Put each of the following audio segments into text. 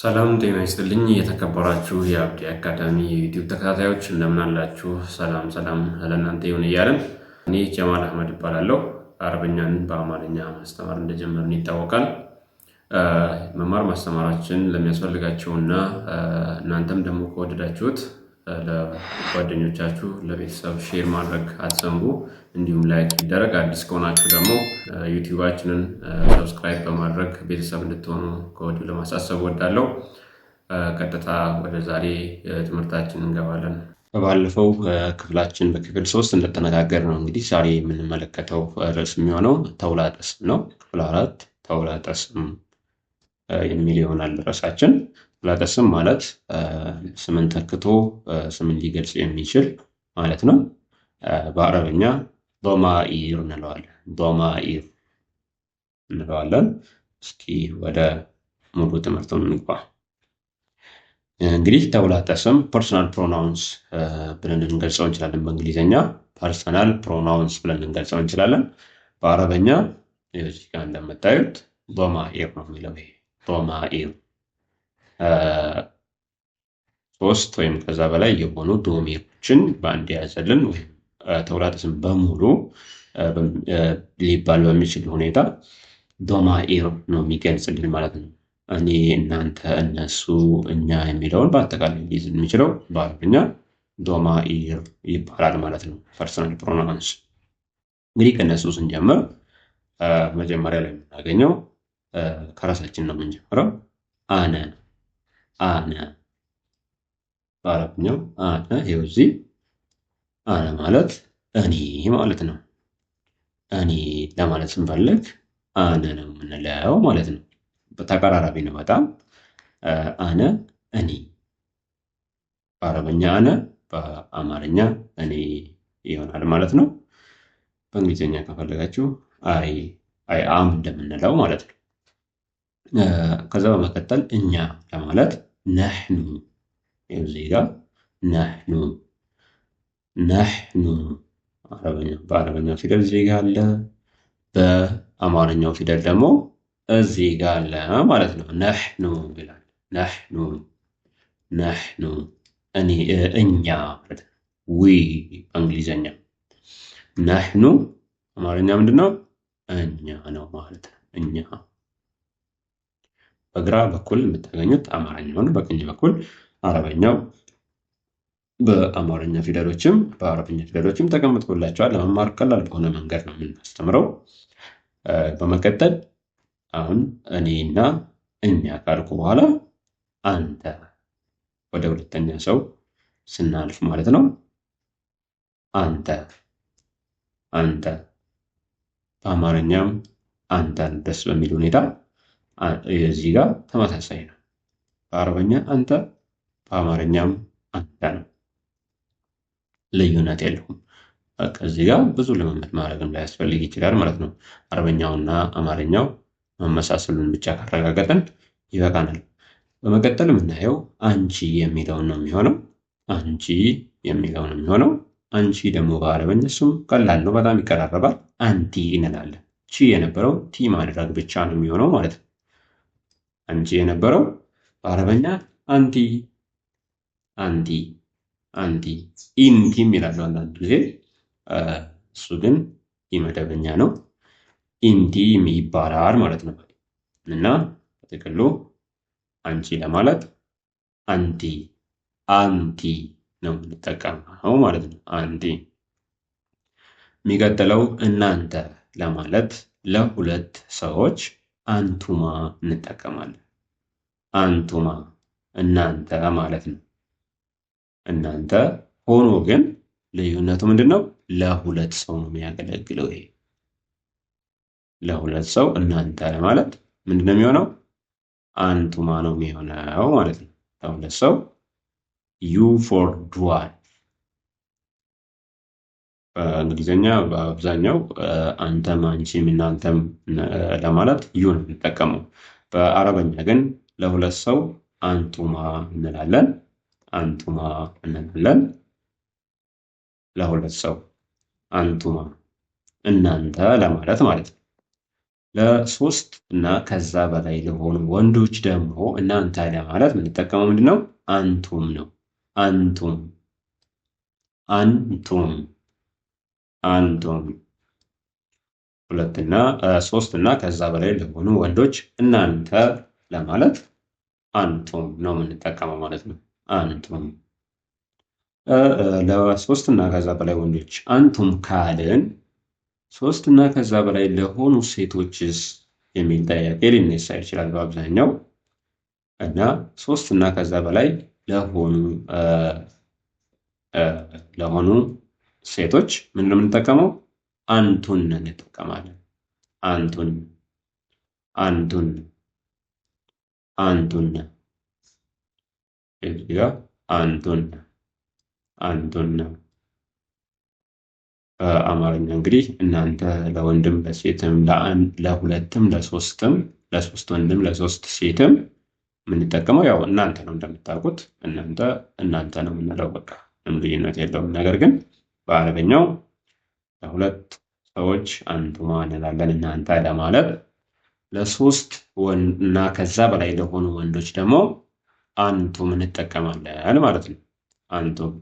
ሰላም ጤና ይስጥልኝ። የተከበራችሁ የአብዲ አካዳሚ የዩቲዩብ ተከታታዮች እንደምን አላችሁ? ሰላም ሰላም ለእናንተ ይሁን እያለን እኔ ጀማል አህመድ እባላለሁ። አረብኛን በአማርኛ ማስተማር እንደጀመርን ይታወቃል። መማር ማስተማራችን ለሚያስፈልጋቸውና እናንተም ደግሞ ከወደዳችሁት ለጓደኞቻችሁ ለቤተሰብ ሼር ማድረግ አትዘንጉ። እንዲሁም ላይክ ይደረግ። አዲስ ከሆናችሁ ደግሞ ዩቲዩባችንን ሰብስክራይብ በማድረግ ቤተሰብ እንድትሆኑ ከወዲሁ ለማሳሰብ ወዳለው። ቀጥታ ወደ ዛሬ ትምህርታችን እንገባለን። ባለፈው ክፍላችን በክፍል ሶስት እንደተነጋገር ነው እንግዲህ ዛሬ የምንመለከተው ርዕስ የሚሆነው ተውላጠ ስም ነው። ክፍል አራት ተውላጠ ስም የሚል ይሆናል ርዕሳችን። ክፍላተ ስም ማለት ስምን ተክቶ ስምን ሊገልጽ የሚችል ማለት ነው። በአረብኛ ዶማኢር እንለዋለን። ዶማኢር እንለዋለን። እስኪ ወደ ሙሉ ትምህርቱን እንግባ። እንግዲህ ተውላጠ ስም ፐርሶናል ፕሮናውንስ ብለን ልንገልጸው እንችላለን። በእንግሊዝኛ ፐርሶናል ፕሮናውንስ ብለን ልንገልጸው እንችላለን። በአረበኛ እዚህ ጋር እንደምታዩት ዶማኢር ነው የሚለው ይሄ ዶማኢር ሶስት ወይም ከዛ በላይ የሆኑ ዶሜኖችን በአንድ የያዘልን ወይም ተውላጠ በሙሉ ሊባል በሚችል ሁኔታ ኢር ነው የሚገልጽልን ማለት ነው። እኔ፣ እናንተ፣ እነሱ፣ እኛ የሚለውን በአጠቃላይ ሊይዝ የሚችለው በአረብኛ ዶማኤር ይባላል ማለት ነው። ፐርሰናል ፕሮናንስ እንግዲህ ከእነሱ ስንጀምር መጀመሪያ ላይ የምናገኘው ከራሳችን ነው የምንጀምረው አነ አነ በአረብኛው አነ ይኸው እዚህ አነ ማለት እኔ ማለት ነው። እኔ ለማለት ስንፈልግ አነ ነው የምንለው ማለት ነው። ተቀራራቢ ነው በጣም አነ እኔ በአረበኛ አነ በአማርኛ እኔ ይሆናል ማለት ነው። በእንግሊዝኛ ከፈለጋችሁ አይ አይ አም እንደምንለው ማለት ነው። ከዛ በመቀጠል እኛ ለማለት ነሕኑ እዚህ ጋር ነሕኑ ነሕኑ በአረበኛው ፊደል እዚህ አለ። በአማርኛው ፊደል ደግሞ እዚህ ጋር አለ ማለት ነው። ነሕኑ ይላል። ነሕኑ ነሕኑ እኔ እኛ ዊ በእንግሊዘኛ ነሕኑ አማርኛ ምንድን ነው? እኛ ነው ማለት እኛ በግራ በኩል የምታገኙት አማርኛውን፣ በቀኝ በኩል አረበኛው በአማርኛ ፊደሎችም በአረብኛ ፊደሎችም ተቀምጦላቸዋል። ለመማር ቀላል በሆነ መንገድ ነው የምናስተምረው። በመቀጠል አሁን እኔና እኛ ካልኩ በኋላ አንተ ወደ ሁለተኛ ሰው ስናልፍ ማለት ነው። አንተ አንተ በአማርኛም አንተን ደስ በሚል ሁኔታ እዚህ ጋር ተመሳሳይ ነው። በአረበኛ አንተ፣ በአማርኛም አንተ ነው። ልዩነት የለውም። እዚህ ጋር ብዙ ልምምድ ማድረግም ላያስፈልግ ይችላል ማለት ነው። አረበኛውና አማርኛው መመሳሰሉን ብቻ ካረጋገጠን ይበቃናል። በመቀጠል የምናየው አንቺ የሚለውን ነው የሚሆነው። አንቺ የሚለው ነው የሚሆነው። አንቺ ደግሞ በአረበኛ እሱም ቀላል ነው፣ በጣም ይቀራረባል። አንቲ እንላለን። ቺ የነበረው ቲ ማድረግ ብቻ ነው የሚሆነው ማለት ነው። አንቺ የነበረው በአረበኛ አንቲ አንቲ አንቲ ኢንቲም ይላሉ አንዳንድ ጊዜ። እሱ ግን ኢመደበኛ ነው። ኢንቲም ይባላል ማለት ነው። እና በጥቅሉ አንቺ ለማለት አንቲ አንቲ ነው የምንጠቀመው ማለት ነው። አንቲ የሚቀጥለው እናንተ ለማለት ለሁለት ሰዎች አንቱማ እንጠቀማለን። አንቱማ እናንተ ማለት ነው። እናንተ ሆኖ ግን ልዩነቱ ምንድን ነው? ለሁለት ሰው ነው የሚያገለግለው። ይሄ ለሁለት ሰው እናንተ ማለት ምንድን ነው የሚሆነው? አንቱማ ነው የሚሆነው ማለት ነው። ለሁለት ሰው ዩ ፎር ዱዋል በእንግሊዝኛ በአብዛኛው አንተም አንቺም እናንተም ለማለት ዩ ነው የምንጠቀመው። በአረበኛ ግን ለሁለት ሰው አንቱማ እንላለን። አንቱማ እንላለን ለሁለት ሰው አንቱማ እናንተ ለማለት ማለት ነው። ለሶስት እና ከዛ በላይ ለሆኑ ወንዶች ደግሞ እናንተ ለማለት የምንጠቀመው ምንድን ነው? አንቱም ነው። አንቱም አንቱም አንድ ሁለትና ሶስት እና ከዛ በላይ ለሆኑ ወንዶች እናንተ ለማለት አንቶም ነው የምንጠቀመው ማለት ነው። አንቱም ለሶስት እና ከዛ በላይ ወንዶች አንቱም ካልን ሶስት እና ከዛ በላይ ለሆኑ ሴቶችስ የሚል ጥያቄ ሊነሳ ይችላል በአብዛኛው እና ሶስት እና ከዛ በላይ ለሆኑ ለሆኑ ሴቶች ምን ነው የምንጠቀመው? አንቱን እንጠቀማለን። አንቱን አንቱን አንቱን እዚጋ አንቱን አንቱን በአማርኛ እንግዲህ እናንተ ለወንድም ለሴትም ለሁለትም ለሶስትም ለሶስት ወንድም ለሶስት ሴትም የምንጠቀመው ያው እናንተ ነው እንደምታውቁት እናንተ እናንተ ነው የምንለው በቃ ምንም ልዩነት የለውም ነገር ግን በአረበኛው ለሁለት ሰዎች አንቱማ እንላለን። እናንተ ለማለት ለሶስት እና ከዛ በላይ ለሆኑ ወንዶች ደግሞ አንቱም እንጠቀማለን ማለት ነው። አንቱም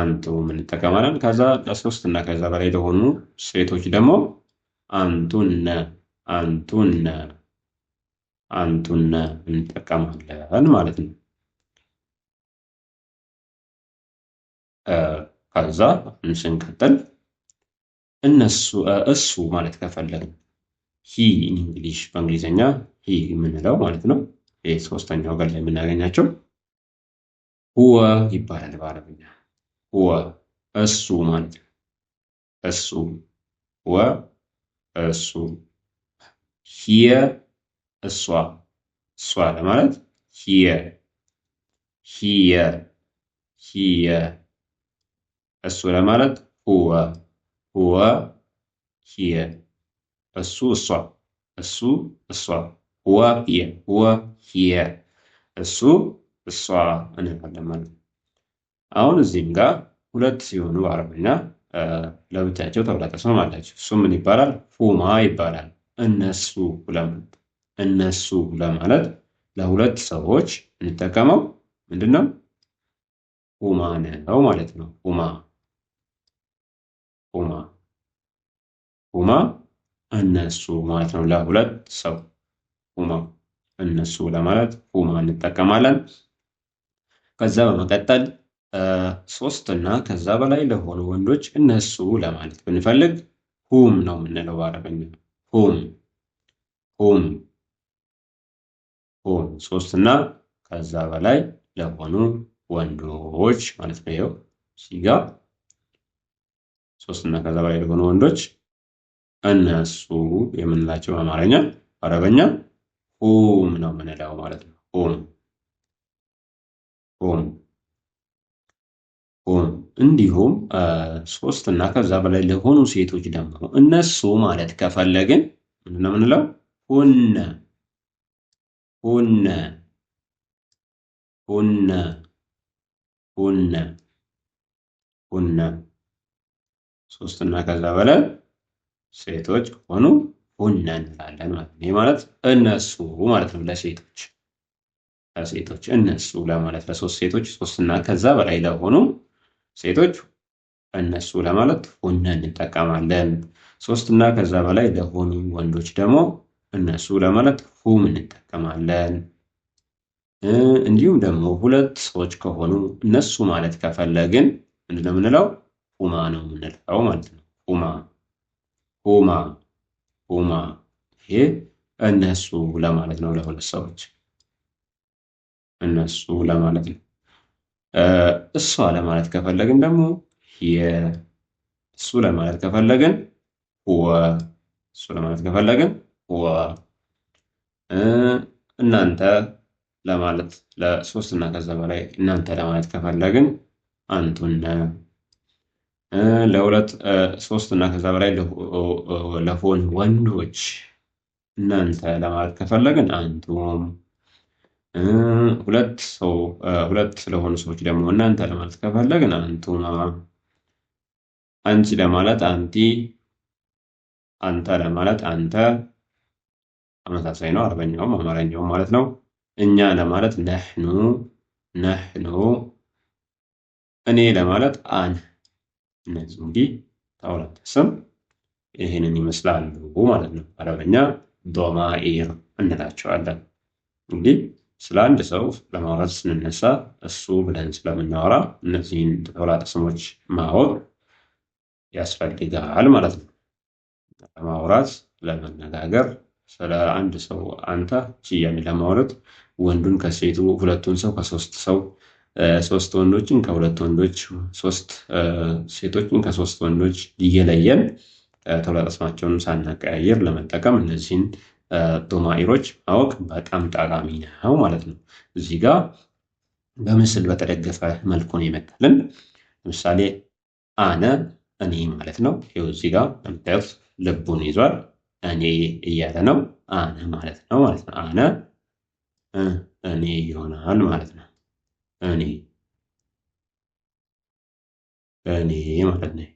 አንቱም እንጠቀማለን። ከዛ ለሶስት እና ከዛ በላይ ለሆኑ ሴቶች ደግሞ አንቱነ አንቱነ አንቱነ እንጠቀማለን ማለት ነው። ከዛ ስንቀጥል እነሱ እሱ ማለት ከፈለግን ሂ ኢንግሊሽ በእንግሊዝኛ ሂ የምንለው ማለት ነው። ይህ ሶስተኛው ገር ላይ የምናገኛቸው ሁወ ይባላል በአረብኛ ሁወ እሱ ማለት ነው። እሱ ወ እሱ ሂየ እሷ እሷ ለማለት ሂየ ሂየ ሂየ እሱ ለማለት ሁወ ሁወ ሂየ እሱ እሷ እሱ እሷ ሁወ ሂየ ሁወ ሂየ እሱ እሷ እንላለን ማለት አሁን እዚህም ጋር ሁለት ሲሆኑ አረብኛ ለብቻቸው ተብላቀስ ነው አላቸው። እሱ ምን ይባላል? ሁማ ይባላል። እነሱ ለማለት እነሱ ለማለት ለሁለት ሰዎች እንጠቀመው ምንድን ነው? ሁማ ነው ማለት ነው። ሁማ ሁማ ሁማ እነሱ ማለት ነው። ለሁለት ሰው ሁማ እነሱ ለማለት ሁማ እንጠቀማለን። ከዛ በመቀጠል ሶስት እና ከዛ በላይ ለሆኑ ወንዶች እነሱ ለማለት ብንፈልግ ሁም ነው የምንለው በአረበኛ። ሁም ሁም ሁም ሶስት እና ከዛ በላይ ለሆኑ ወንዶች ማለት ነው። ይኸው እዚህ ሶስት እና ከዛ በላይ ለሆኑ ወንዶች እነሱ የምንላቸው በአማርኛ አረበኛ ሁም ነው የምንለው ማለት ነው። ሁም ሁም ሁም። እንዲሁም ሶስት እና ከዛ በላይ ለሆኑ ሴቶች ደግሞ እነሱ ማለት ከፈለግን ምንድን ነው የምንለው? ሁነ ሁነ ሁነ ሁነ ሁነ ሶስት እና ከዛ በላይ ሴቶች ከሆኑ ሁነ እንላለን ማለት ነው። ይህ ማለት እነሱ ማለት ነው። ለሴቶች ለሴቶች እነሱ ለማለት ለሶስት ሴቶች እና ከዛ በላይ ለሆኑ ሴቶች እነሱ ለማለት ሁነ እንጠቀማለን። እና ከዛ በላይ ለሆኑ ወንዶች ደግሞ እነሱ ለማለት ሁም እንጠቀማለን። እንዲሁም ደግሞ ሁለት ሰዎች ከሆኑ እነሱ ማለት ከፈለግን ምንድነው የምንለው? ሁማ ነው የምንለው ማለት ነው። ሁማ ሁማ ሁማ ይሄ እነሱ ለማለት ነው። ለሁለት ሰዎች እነሱ ለማለት ነው። እሷ ለማለት ከፈለግን ደግሞ የ እሱ ለማለት ከፈለግን ወ እሱ ለማለት ከፈለግን ወ እናንተ ለማለት ለሶስት እና ከዛ በላይ እናንተ ለማለት ከፈለግን አንቱነ ለሁለት ሶስት እና ከዛ በላይ ለሆን ወንዶች እናንተ ለማለት ከፈለግን አንቱም፣ ሁለት ሰው ሁለት ለሆኑ ሰዎች ደግሞ እናንተ ለማለት ከፈለግን አንቱማ፣ አንቺ ለማለት አንቲ፣ አንተ ለማለት አንተ ተመሳሳይ ነው። አረበኛውም አማርኛውም ማለት ነው። እኛ ለማለት ነህኑ፣ ነህኑ። እኔ ለማለት አን እነዚህ እንግዲህ ታውላት ስም ይህንን ይመስላሉ ማለት ነው። አረበኛ ዶማኤር እንላቸዋለን። እንግዲህ ስለ አንድ ሰው ለማውራት ስንነሳ እሱ ብለን ስለምናወራ እነዚህን ተውላጠ ስሞች ማወቅ ያስፈልጋል ማለት ነው። ለማውራት ለመነጋገር ስለ አንድ ሰው አንተ እያለ ለማውረት ወንዱን ከሴቱ ሁለቱን ሰው ከሶስት ሰው ሶስት ወንዶችን ከሁለት ወንዶች ሶስት ሴቶችን ከሶስት ወንዶች እየለየን ተውላጠስማቸውን ሳናቀያየር ለመጠቀም እነዚህን ዶማኢሮች ማወቅ በጣም ጠቃሚ ነው ማለት ነው። እዚህ ጋ በምስል በተደገፈ መልኩ ነው የመጣልን። ለምሳሌ አነ እኔ ማለት ነው። ይኸው እዚህ ጋር ልቡን ይዟል። እኔ እያለ ነው። አነ ማለት ነው ማለት ነው። አነ እኔ ይሆናል ማለት ነው። እኔ እኔ ማለት ነው።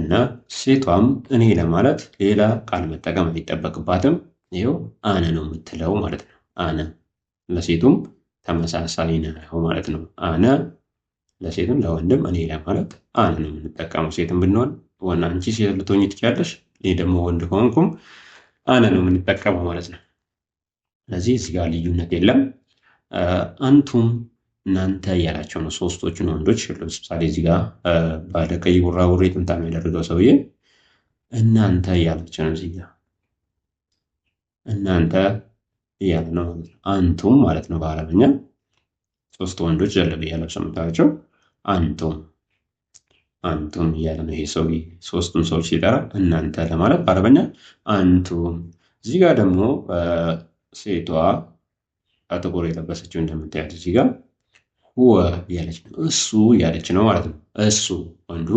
እና ሴቷም እኔ ለማለት ሌላ ቃል መጠቀም አይጠበቅባትም። ይኸው አነ ነው የምትለው ማለት ነው። አነ ለሴቱም ተመሳሳይ ነው ማለት ነው። አነ ለሴትም ለወንድም እኔ ለማለት አነ ነው የምንጠቀመው። ሴትም ብንሆን ወና አንቺ ሴት ልትሆኝ ትችያለሽ፣ እኔ ደግሞ ወንድ ከሆንኩም አነ ነው የምንጠቀመው ማለት ነው። ስለዚህ እዚህ ጋር ልዩነት የለም። አንቱም እናንተ እያላቸው ነው ሶስቶቹን ወንዶች። ለምሳሌ እዚህ ጋር ቀይ ቡራቡሬ ጥምጣም ያደረገው ሰውዬ እናንተ እያላቸው ነው። እዚህ እናንተ እያለ ነው ማለት ነው። አንቱም ማለት ነው በአረብኛ ሶስት ወንዶች ዘለብ እያለብሰ ሰምታቸው አንቱም አንቱም እያለ ነው ይሄ ሰው። ሶስቱም ሰዎች ሲጠራ እናንተ ለማለት በአረበኛ አንቱም። እዚህ ጋር ደግሞ ሴቷ ጥቁር የለበሰችው እንደምታያት እዚህ ጋር ወ ያለች ነው። እሱ እያለች ነው ማለት ነው። እሱ ወንዱ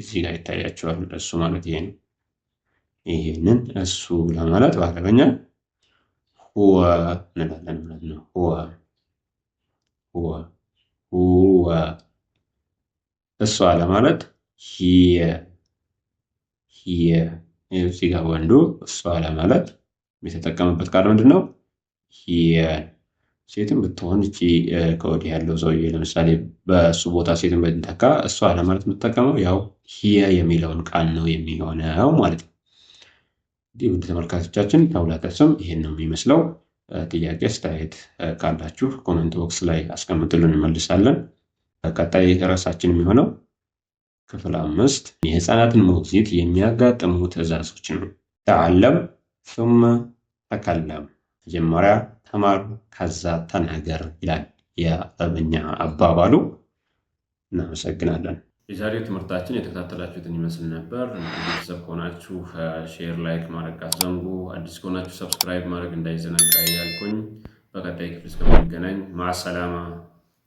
እዚህ ጋር ይታያቸዋል። እሱ ማለት ይሄ ነው። ይሄንን እሱ ለማለት በአረበኛ ወ እንላለን ማለት ነው። ወ ወ ሁወ እሷ ለማለት ሂየ ሂየ። እዚህ ጋር ወንዱ እሷ ለማለት የተጠቀመበት ቃል ምንድን ነው? ሂየን ሴትም ብትሆን እቺ ከወዲህ ያለው ሰውዬ ለምሳሌ በእሱ ቦታ ሴትን በተተካ እሷ ለማለት የምትጠቀመው ያው ሂየ የሚለውን ቃል ነው የሚሆነው ማለት ነው። እንዲህ ውድ ተመልካቾቻችን ተውላጠ ስም ይሄን ነው የሚመስለው። ጥያቄ አስተያየት ካላችሁ ኮመንት ቦክስ ላይ አስቀምጥልን፣ እንመልሳለን። ቀጣይ ርዕሳችን የሚሆነው ክፍል አምስት የህፃናትን ሞግዚት የሚያጋጥሙ ትዕዛዞች ነው። ተአለም ሱመ ተከለም መጀመሪያ ተማር ከዛ ተናገር ይላል የአረበኛ አባባሉ። እናመሰግናለን። የዛሬው ትምህርታችን የተከታተላችሁትን ይመስል ነበር። ቤተሰብ ከሆናችሁ ሼር፣ ላይክ ማድረግ አትዘንጉ። አዲስ ከሆናችሁ ሰብስክራይብ ማድረግ እንዳይዘነጋ ያልኩኝ። በቀጣይ ክፍል እስከምንገናኝ ማሰላማ